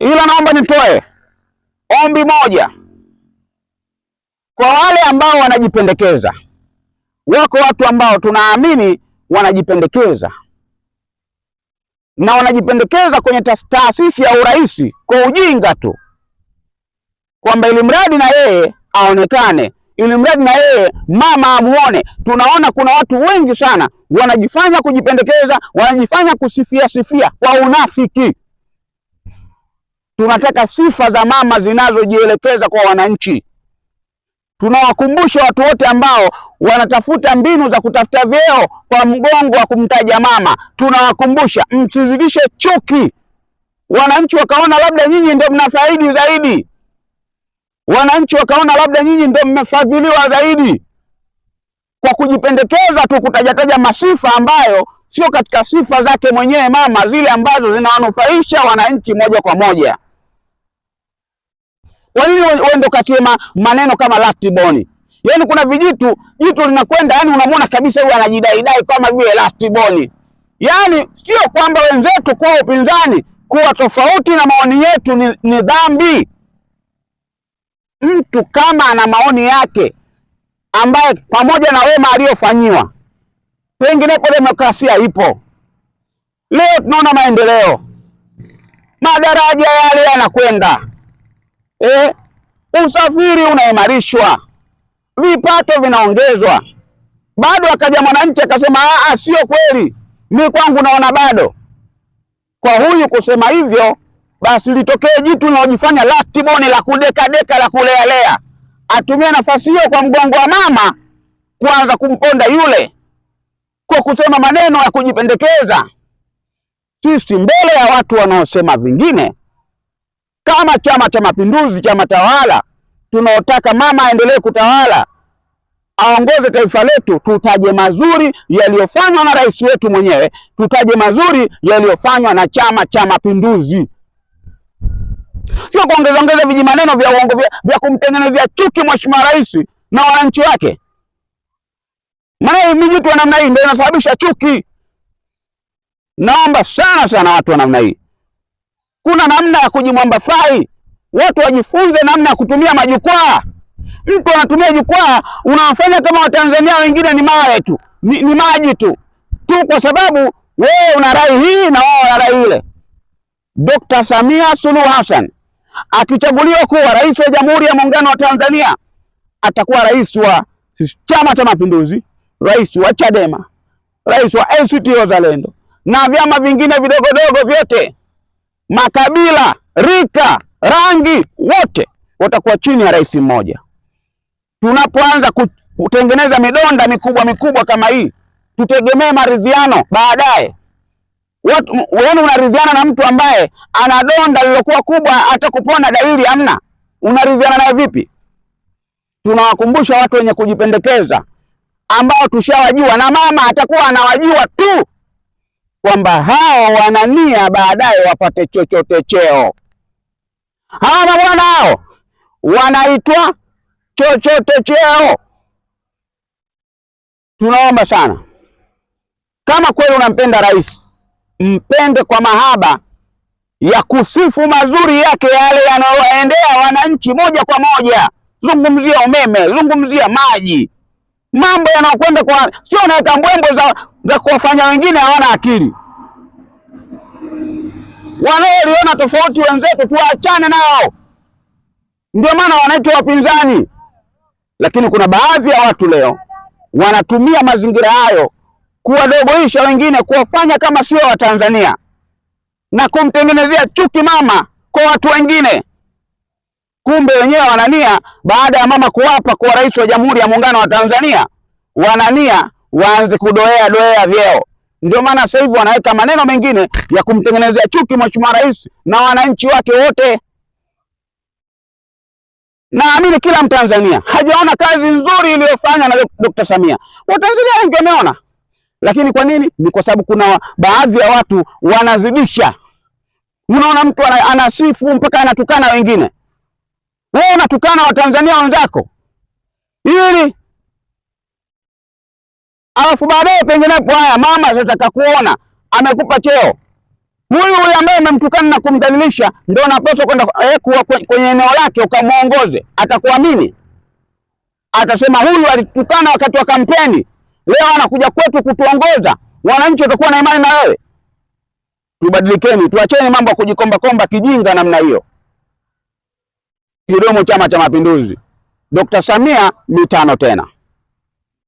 Ila naomba nitoe ombi moja kwa wale ambao wanajipendekeza. Wako watu ambao tunaamini wanajipendekeza na wanajipendekeza kwenye taasisi ya urais kwa ujinga tu, kwamba ili mradi na yeye aonekane, ili mradi na yeye mama amuone. Tunaona kuna watu wengi sana wanajifanya kujipendekeza, wanajifanya kusifia sifia kwa unafiki. Tunataka sifa za mama zinazojielekeza kwa wananchi. Tunawakumbusha watu wote ambao wanatafuta mbinu za kutafuta vyeo kwa mgongo wa kumtaja mama, tunawakumbusha msizidishe chuki. Wananchi wakaona labda nyinyi ndio mnafaidi zaidi, wananchi wakaona labda nyinyi ndio mmefadhiliwa zaidi, kwa kujipendekeza tu kutajataja masifa ambayo sio katika sifa zake mwenyewe mama, zile ambazo zinawanufaisha wananchi moja kwa moja. Kwa nini wewe ndo maneno kama Lastborn? Yaani kuna vijitu jitu linakwenda yani unamwona kabisa huyu anajidaidai kama vile Lastborn. Yaani sio kwamba wenzetu kwa upinzani kuwa tofauti na maoni yetu ni, ni dhambi. Mtu kama ana maoni yake ambaye pamoja na wema aliyofanyiwa kwa demokrasia ipo. Leo tunaona maendeleo, madaraja yale yanakwenda eh, usafiri unaimarishwa, vipato vinaongezwa. Bado akaja mwananchi akasema, ah, ah, sio kweli, mi kwangu naona bado. Kwa huyu kusema hivyo, basi litokee jitu linalojifanya latiboni la kudekadeka la kulealea, atumie nafasi hiyo kwa mgongo wa mama kuanza kumponda yule kwa kusema maneno ya kujipendekeza. Sisi mbele ya watu wanaosema vingine kama Chama cha Mapinduzi, chama tawala, tunaotaka mama aendelee kutawala, aongoze taifa letu, tutaje mazuri yaliyofanywa na rais wetu mwenyewe, tutaje mazuri yaliyofanywa na Chama cha Mapinduzi, sio kuongeza ongeza viji maneno vya uongo vya, vya kumtengenezea chuki mheshimiwa rais na wananchi wake. Maana mijitu wa namna hii ndio inasababisha chuki. Naomba sana sana watu wa namna hii kuna namna ya kujimwambafai. Watu wajifunze namna ya kutumia majukwaa. Mtu anatumia jukwaa, unawafanya kama Watanzania wengine ni mawe tu, ni, ni maji tu tu, kwa sababu wewe una rai hii na wao wana rai ile. Dkt. Samia Suluhu Hassan akichaguliwa kuwa rais wa Jamhuri ya Muungano wa Tanzania, atakuwa rais wa Chama cha Mapinduzi, rais wa Chadema, rais wa ACT Wazalendo na vyama vingine vidogodogo vyote makabila, rika, rangi, wote watakuwa chini ya rais mmoja. Tunapoanza kutengeneza midonda mikubwa mikubwa kama hii, tutegemee maridhiano baadaye. Wewe yaani unaridhiana na mtu ambaye ana donda lilokuwa kubwa, hata kupona dalili hamna, unaridhiana naye vipi? Tunawakumbusha watu wenye kujipendekeza ambao tushawajua, na mama atakuwa anawajua tu kwamba hao wanania baadaye wapate chochote cheo. Hawa mabwana hao wanaitwa chochote cheo. Tunaomba sana, kama kweli unampenda rais, mpende kwa mahaba ya kusifu mazuri yake yale yanayowaendea wananchi moja kwa moja. Zungumzia umeme, zungumzia maji, mambo yanayokwenda kwa, sio unaweka mbwembwe za za kuwafanya wengine hawana akili. Wanaoliona tofauti wenzetu tuwaachane nao, ndio maana wanaitwa wapinzani. Lakini kuna baadhi ya watu leo wanatumia mazingira hayo kuwadogoisha wengine, kuwafanya kama sio Watanzania na kumtengenezea chuki mama kwa watu wengine. Kumbe wenyewe wanania, baada ya mama kuapa kuwa rais wa Jamhuri ya Muungano wa Tanzania, wanania waanze kudoea doea vyeo. Ndio maana sasa hivi wanaweka maneno mengine ya kumtengenezea chuki mheshimiwa rais na wananchi wake wote. Naamini kila Mtanzania hajaona kazi nzuri iliyofanywa na Dr. Samia, Watanzania wengi wameona, lakini kwa nini? Ni kwa sababu kuna baadhi ya watu wanazidisha. Unaona mtu anasifu mpaka anatukana wengine, wewe unatukana Watanzania wenzako ili alafu baadaye pengine kwa haya mama atataka kuona amekupa cheo huyu huyu ambaye umemtukana na kumdhalilisha, ndio anapaswa kwenda eh, kwenye eneo lake ukamwongoze. Atakuamini, atasema huyu alitukana wakati wa kampeni, leo anakuja kwetu kutuongoza, wananchi watakuwa na imani na wewe. Tubadilikeni, tuacheni mambo ya kujikomba komba kijinga namna hiyo. kidomo Chama cha Mapinduzi! Dr. Samia mitano tena.